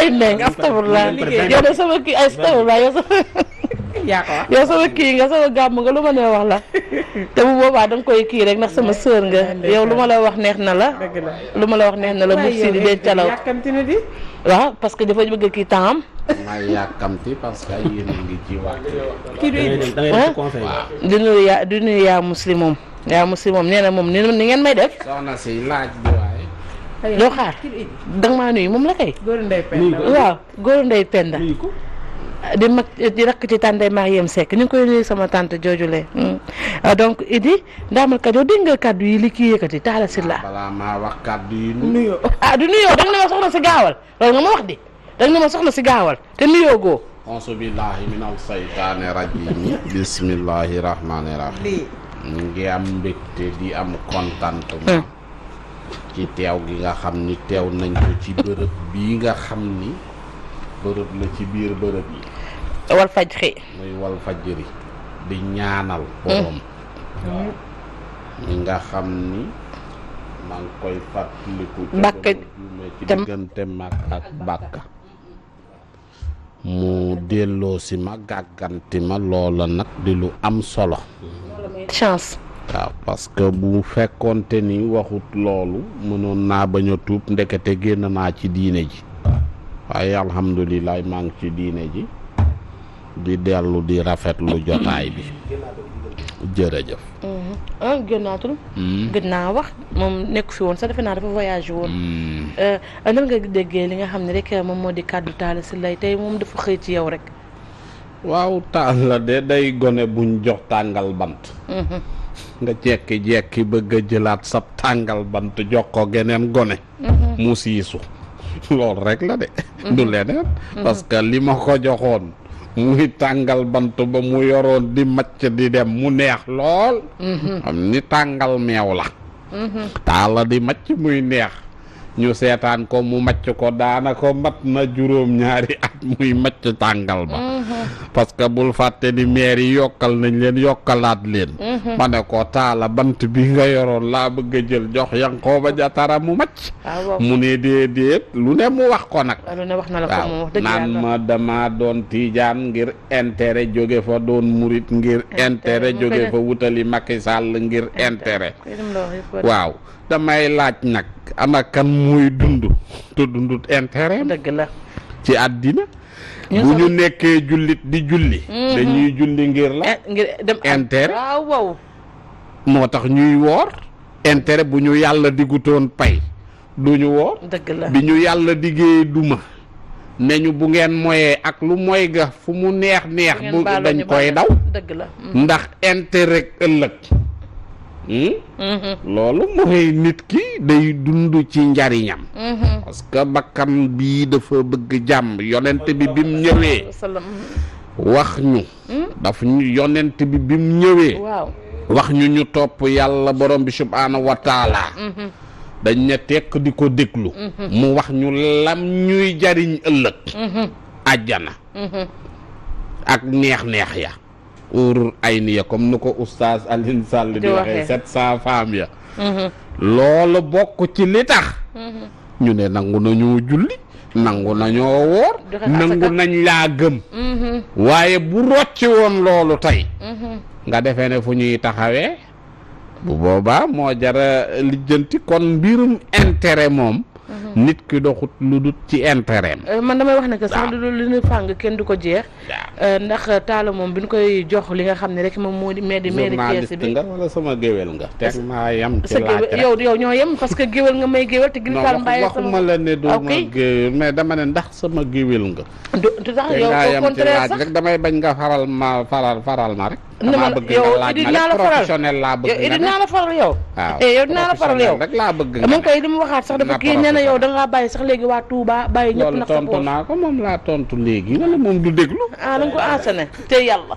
ay neng astafurlah yow de sama kii astafurlah yow sama yow sama kii nga sama gàmm nga lu ma nee wax la te bu boobaa danga koy kii rek ndax sama sœur nga yow lu ma la wax neex na la lu ma la wax neex na la bu si di dee calaw waaw parce que dafa bëgg kii temps maa yàkkamti que ay yéen a ngi ji waat. kii du nuyu yaa du nuyu yaa muslim moom yaa muslim moom moom ni ngeen may def. soxna doo xaar danga maa nuyu moom la kay. góor ndey penda waaw góor ndey penda. di mag di rakk ci tànday Mariam Seck ñu ngi koy nuyu sama tànt joojule hmm. ah, donc Idi Ndamal Kajoor dégg nga kàddu yi li kii yëkkati Talla Sylla. balaa maa wax kàddu ah, du nuyoo danga ne ma soxna si gaawal loolu nga ma wax di danga ne ma soxna si gaawal te nuyoo goo. auzu billaahi mina saytaani ngi am mbégte di am contentement. Hmm. ci teew gi nga xam ni teew nañ ci bërëb bii nga xam ni bërëb la ci biir bërëb yi Walfadjri muy Walfadjri di ñaanal borom mi mm. nga xam ni maa ngi koy fàttaliku Mbàkka ci diggante mag ak Mbàkka mu delloo si ma gàgganti ma loola nag di lu am solo waaw parce que bu fekkoonte ni waxut loolu mënoon naa bañ a tuub ndekete génn naa ci diine ji waaye alhamdulilah maa ci diine ji di dellu di rafetlu jotaay bi jërëjëf. Mm-hmm. ah gën naa mm. gën naa wax moom nekk fi woon sax defe naa dafa voyagé woon. Mm. Euh, ah, nan nga déggee li nga xam ne rek euh, moom moo di kàddu taal si lay tey moom dafa xëy ci yow rek. waaw taal la de day gone buñ jox tàngal bant. Mm-hmm. nga jekki-jekki bëgg a jëlaat sab tàngal bant jox ko geneen gone mhm. mu siisu loolu rekk la de mhm. du leneen mhm. parce que li ma ko joxoon muy tàngal bant ba mu yoroon di macc di dem mu neex lool xam ni tàngal meew la taala di macc muy neex ñu seetaan ko mu macc ko daanaka mat na juróom-ñaari at muy macc tàngal ba mhm. parce que bul fàtte ni maire yi yokkal nañ leen yokkalaat leen mhm. ma ne ko taala bant bi nga yoroon laa bëgg a jël jox Yankhoba Diattara mu macc ah, mu ne déedéet lu ne mu wax ko nag ah, waaw naan ma dama doon tiijaan ngir intérêt jóge fa doon murit ngir intérêt jóge fa wutali Macky Sall ngir intérêt waaw damay laaj nag ana kan muy dund te dundut intérêt dëgg ci àddina bu ñu nekkee jullit di julli mhm. dañuy julli ngir la eh, ngir dem intérêt waaw moo tax ñuy woor intérêt bu ñu yàlla diggutoon pay du ñu woor bi ñu yàlla diggee duma ne ñu bu ngeen moyee ak lu moy ga fu mu neex neex bu dañ koy daw dëgg la mm. ndax intérêt ëllëg Mm-hmm. loolu mooy nit ki day dund ci njariñam mm-hmm. parce que bakkan bii dafa bëgg jàmm yonent bi bim ñëwee wax ñu mm-hmm. daf ñu yonent bi bim ñëwee wax ñu ñu topp yàlla borom bi subhaanahu wa taala dañ ne tekk di ko déglu mu wax ñu lam ñuy jariñ ëllëg àjjana ak neex-neex ya uur ay niya comme nu ko oustaz Alioune Sall di waxee sept cent femmes ya mhm. loolu bokk ci li tax mhm. ñu ne nangu nañoo julli nangu nañoo woor nangu nañ laa gëm mhm. waaye bu rocci woon loolu tey nga defee ne fu ñuy taxawee bu boobaa moo jara lijjanti kon mbirum intérêt moom Mhm. nit ki doxut lu dut ci intérêt euh, man damay wax ne que sax lu ñu fàng kenn du ko jeex. Euh, ndax taala moom bi ñu koy jox li nga xam ne rek moom moo di. meedi meedi kees bi nga wala sama géwél nga. teg maa yem ci laaj yow yow ñoo yem parce que géwél nga may géwél te. gis nga mbaay sama la ne géwél mais dama ndax sama géwél nga. du tax yow sax rek damay bañ nga faral ma faral faral ma rek. ni ma yow idi dinaa la faral yow idi dinaa la faral yow yow dinaa la faral yow mu ngi koy li mu waxaat sax dafa kii nee na yow dangaa bàyyi sax léegi waa Touba bàyyi ñëpp nag sa tontu ko moom laa tontu léegi wala moom du déglu ah da nga ko enseigné te yàlla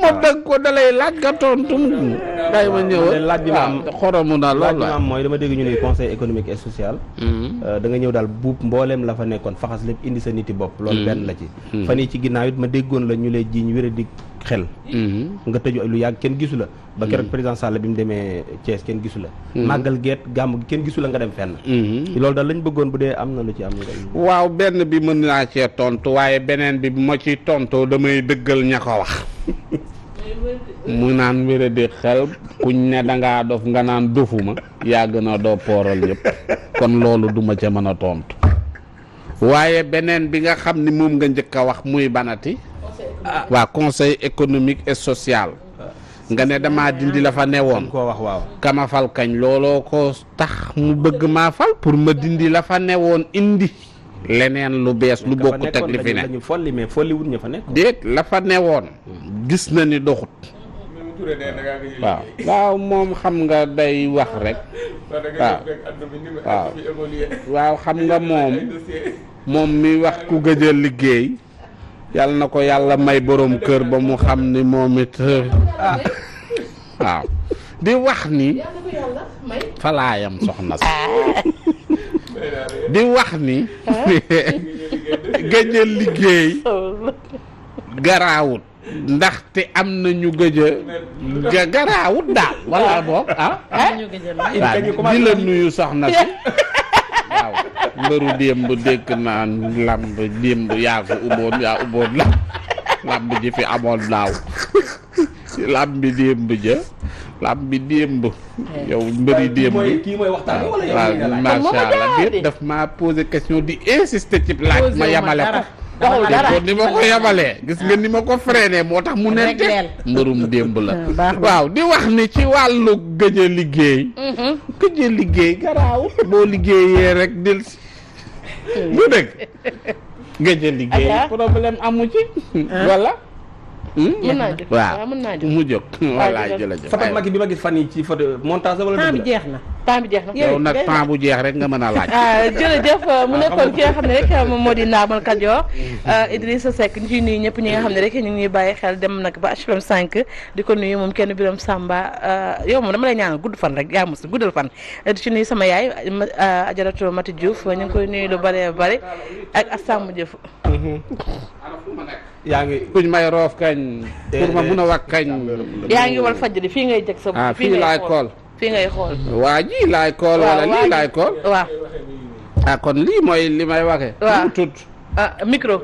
ma bëgg ko dalay laaj nga tontu mu. day ma ñëw laaj bi ma am xoromu daal loolu la am mooy dama dégg ñu ne conseil économique et social. Mm-hmm. Euh, da nga ñëw daal buub mbooleem la fa nekkoon faxas lépp indi sa niti bopp. loolu mm-hmm. benn la ci. Mm-hmm. fan yii ci ginnaaw it ma déggoon la ñu lay jiiñ wér a dig xel mm-hmm. nga tëju lu yàgg kenn gisu la ba mm-hmm. keroog président Sall bi mu demee Thiès kenn gisu la mm-hmm. màggal geet gàmm gi kenn gisu la nga dem fenn loolu daal lañ bëggoon bu dee am na lu ci waaw benn bi mën naa cee tontu waaye beneen bi bu ma ciy tontoo damay dëggal ña ko wax mu naan wéra di xel kuñ ne danga dof nga naan dofuma yaa gën a doo pooral ñëpp kon loolu duma ca mën a tontu waaye beneen bi nga xam ni moom nga njëkk a wax muy banati waa conseil économique et social nga ne dama dindi la fa newoon koo wax waaw kama kañ looloo ko tax mu bëgg maa fal pour ma dindi la fa newoon indi leneen lu bees lu bokk teg li fi ne folli déet la fa newoon gis na ni doxut waaw moom xam nga day wax rek waaw xam nga moom moom mi wax ku gëj liggéey yàlla na ko yàlla may borom kër ba mu xam ni moom it ah, waaw di wax ni falaayam soxna si di wax ni gëj a liggéey garaawut ndaxte am na ñu gëj garaawut daal wala boog ah, ah. di la nuyu soxna si mbëru démb dégg naan làmb démb yaa ko ubboon yaa ubboon la làmb ji fi amoon daaw làmb démb ja làmb démb yow mbëri démb waaw macha allah déet daf maa posé question di insister ci laaj ma yamale ko waxul ma ko yabalee gis nga ni ma ko freiné moo tax mu nente mbërum démb la ah, waaw di wax ni ci wàllu gëj liggéey mm-hmm. gëj liggéey garaaw boo liggéeyee rek lu dëgg nga jël liggéey problème amu ci. voilà. Hmm? mën naa jóg waaw mën naa jóg mu jóg. wallaay bi ma gis fan yi ci photo montage wala. temps bi jeex na temps bi jeex na. yow nag temps bu jeex rek nga mën a ah, ah, mu nekkoon ki nga xam ne rek moom moo di Ndamal Kajoor mm-hmm. ah, Idrissa Seck ñu ciy ñëpp ñi nga xam ne rek ñu ngi bàyyi xel dem nag ba HLM 5 di ko nuyu moom kenn biram sàmba yow moom dama lay ñaanal gudd fan rek yaa mos guddal fan di ci nuyu sama yaay Ajaratu Mati Diouf ñu ngi koy nuyu lu bare bare ak Assane Diouf. yaa ngi kuñ may roof kañ. pour ma mun a wax kañ. yaa ngi wal fajri fii ngay teg sa. ah fii laay xool fii ngay xool. waa ji laay xool. wala lii laay xool. waaw. Ah, kon lii mooy li may waxee. waaw mu tudd. ah micro.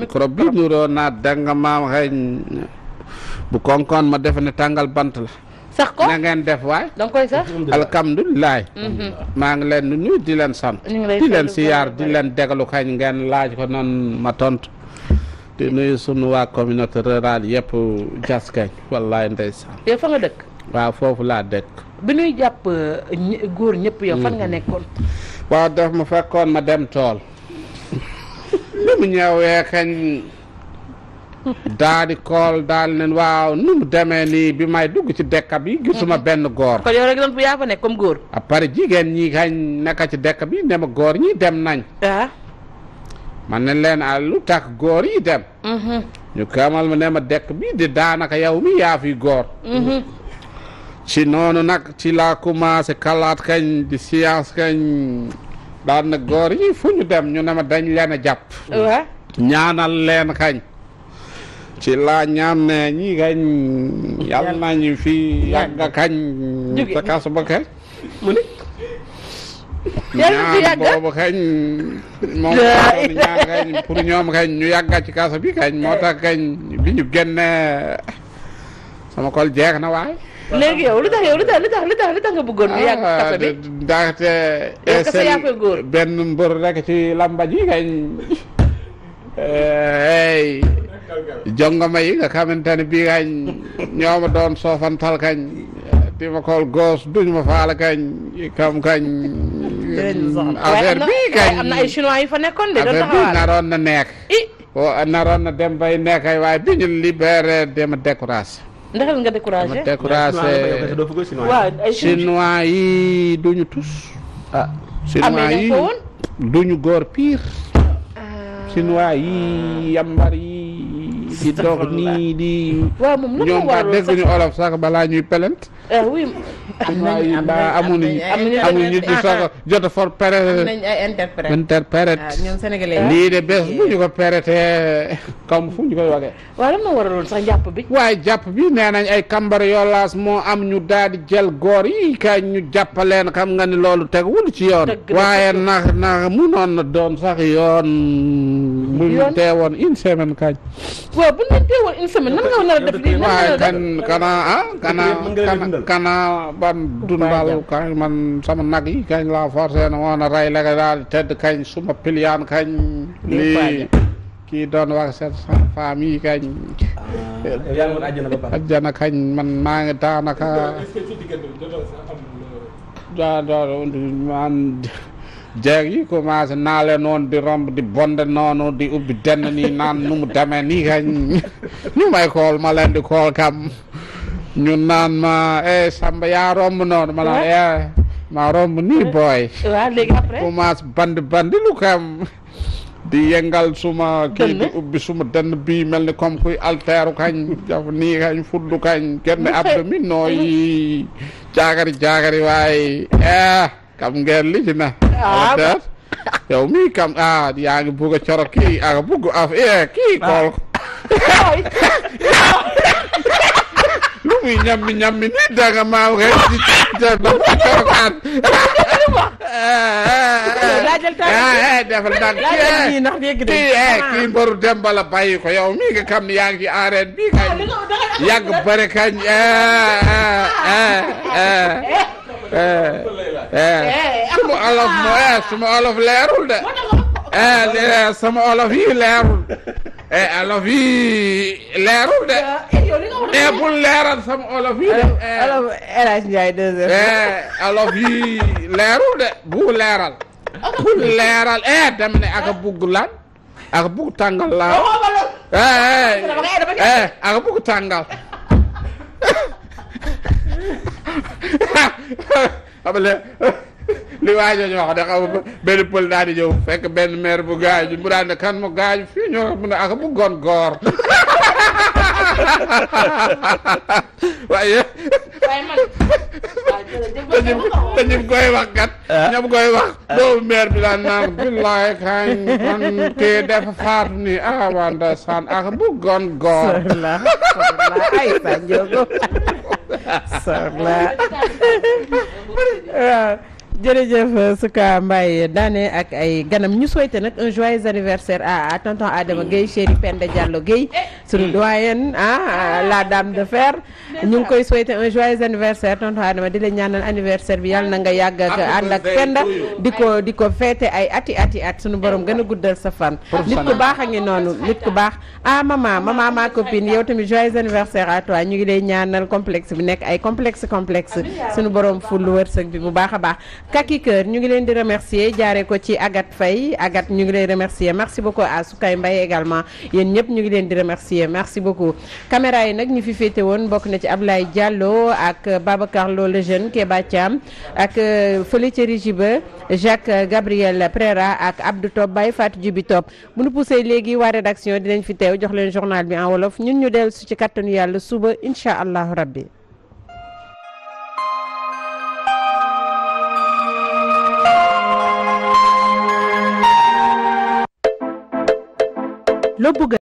micro bi nuroo naa danga maam xëy bu konkoon ma defe ne tàngal bant la. sax ko na def waay. da koy sax. alhamdulilah. Mhm. maa ngi leen di nuyu di leen sant. di leen siyaar di leen déglu kañ ngeen laaj ko noonu ma tontu. di nuyu sunu waa communauté rurale yëpp Diass Kagne wallaay ndeysaan. yow fa nga dëkk. waaw foofu laa dëkk. bi ñuy jàpp euh, góor ñépp yow fan nga mm-hmm. nekkoon. waaw daf ma fekkoon ma dem tool. bi mu ñëwee kañ daal kool daal nen waaw nu mu demee nii bi may dugg ci dëkk bi gisuma mm-hmm. benn góor. kon yow nekk comme góor. à part jigéen ñi kañ nekk ci dëkk bi ne góor ñi dem nañ. Ah. man nañ leen a ah, lu tax góor yi dem mm-hmm. ñu kamal ma ne ma dekk bi di daanaka yow mi yaa fi góor mm-hmm. noonu nag ci laa commencé kalaat kañ di science kañ daan na góor yi fu ñu dem ñu ne ma dañ leen a ñaanal leen kañ ci laa ñaan ne ñi kañ yàlla nañu fi yàgga kañ sa kas ba kañ ni ñaan boobu kañ moom kañ ñu yàgga ci kaso bi kañ moo tax kañ bi ñu génnee sama kol jeex na waay léegi yow lu tax yow lu tax lu nga bëggoon ñu yàgg kaso bi ah, ndaxte kaso yaa benn mbër rek ci lamba ji eh, kañ jongoma yi nga xamante ne bii kañ ñooma doon soofantal kañ di ma xool gos duñ ma faala kañ kam kañ. affaire bi kañ am na ay chinois yu fa nekkoon de doon taxawal naroon na nekk. naroon na dem bay nekk waaye bi ñu libéré dama découragé. ndax nga découragé dama chinois yi duñu tus. Ah, chinois yi duñu góor pire. Ah. chinois yi yambar yi. di dox nii di. waaw moom dégg ñu olof sax balaa ñuy pelent. Ah oui am nañu am a ay interprète interprète. waaw ah, ñoom sénégalais lii de bés bu ñu ko peretee comme fu ñu koy waxee. bi. waaye jàpp bi nee nañ ay kambar yoolaas moo am ñu daal di jël góor yi kaay ñu jàppaleen xam nga ni loolu teguwul ci yoon. waaye nax nax munoon na doon sax yoon. yoon bu ñu teewoon une semaine kañ. waaw bu ñu leen teewoon une kan kana ah kana ban dundal kañ man sama nag yi kañ laa forcé na woon a rey daal tëdd kañ suma piliyaan kañ lii kii doon wax seen femme yi kañ ajjana ah, kañ man maa ngi daanaka euh, daa daa man jeeg yi commencé naale noonu di romb di bonde noonu di ubbi denn nii naan nu mu demee kañ ñu kool ma di kool kam ñu naan ma eh Samba yaa romb noonu ma naan eh romb nii booy. waaw bandi bandi lu kam di yëngal suma kii di ubbi suma dënn bii mel ni comme kuy alteeru kañ jaf nii kañ fuddu kañ génn abdomi nooyi jaagari jaagari waaye eh xam ngeen li ci ah mii kam ah yaa ngi bugg a coro kii yaa ngi bugg af eh kii kool lu muy ñammi ñammi nii danga maaw rek di def ba mu corokaat. Ah, eh, eh, eh. ah. ko yow mii nga xam yaa ngi ci arène bii kañ ah, yàgg bëri kañ eh eh eh Eh, eh. eh, sama olof moo sama olof leerul de eh sama olof yi leerul eh olof yi leerul de eh bul leeral sama olof yi de olof El Hadj olof yi leerul de bu leeral bul leeral eh dem ne aka bugg lan aka bugg tàngal laa eh eh aka bugg tàngal xam nga li waaj a ñoo xam benn pël daal di ñëw fekk benn maire bu gaañu mu daan ne kan mu gaañu fii ñoo mun a ak bu gon góor. waaye. waaye man. te ñu koy wax kat. Ah. ñoom koy wax. Ah. doomu meer bi daan naan billaay kañ man kii dafa faatu ni ah waa ndeysaan ak ah, bu gon goor. soxla soxla ay sa njóogo soxla. jërëjëf euh, Souka Mbaye daane ak ay ganam ñu souhaité nag un joyeux anniversaire à tonton Adama Gueye chéri Penda Diallo Gueye eh, eh. suñu doyen ah, ah euh, la dame de fer ñu ngi koy souhaité un joyeux anniversaire tonton Adama di la ñaanal anniversaire bi yàlla na nga yàgg ak ànd ak Penda di ko di ko féete ay ati ati at sunu borom gën a guddal sa fan nit ku baax a ngi noonu nit ku baax ah maman maman ma copine yow tamit joyeux anniversaire à toi ñu ngi lay ñaanal complexe bi nekk ay complexe complexe suñu borom ful wërsëg bi bu baax a baax Kaki ñu ngi leen di remercier jaare ko ci Agathe fay agat ñu ngi lay remercier merci beaucoup à Soukay Mbaye également yéen ñëpp ñu ngi leen di remercier merci beaucoup caméra yi nag ñu fi féete woon bokk na ci Ablaye jàlloo ak Babacar Lo le jeune Keba Thiam ak euh, fële ca régie ba Jacques euh, Gabriel Prera ak Abdou Top Baye Fatou Djibi Top bu nu poussé léegi waa rédaction dinañ fi teew jox leen journal bi en wolof ñun ñu dellu su ci kattanu yàlla suba incha allahu rabbi loo bëgg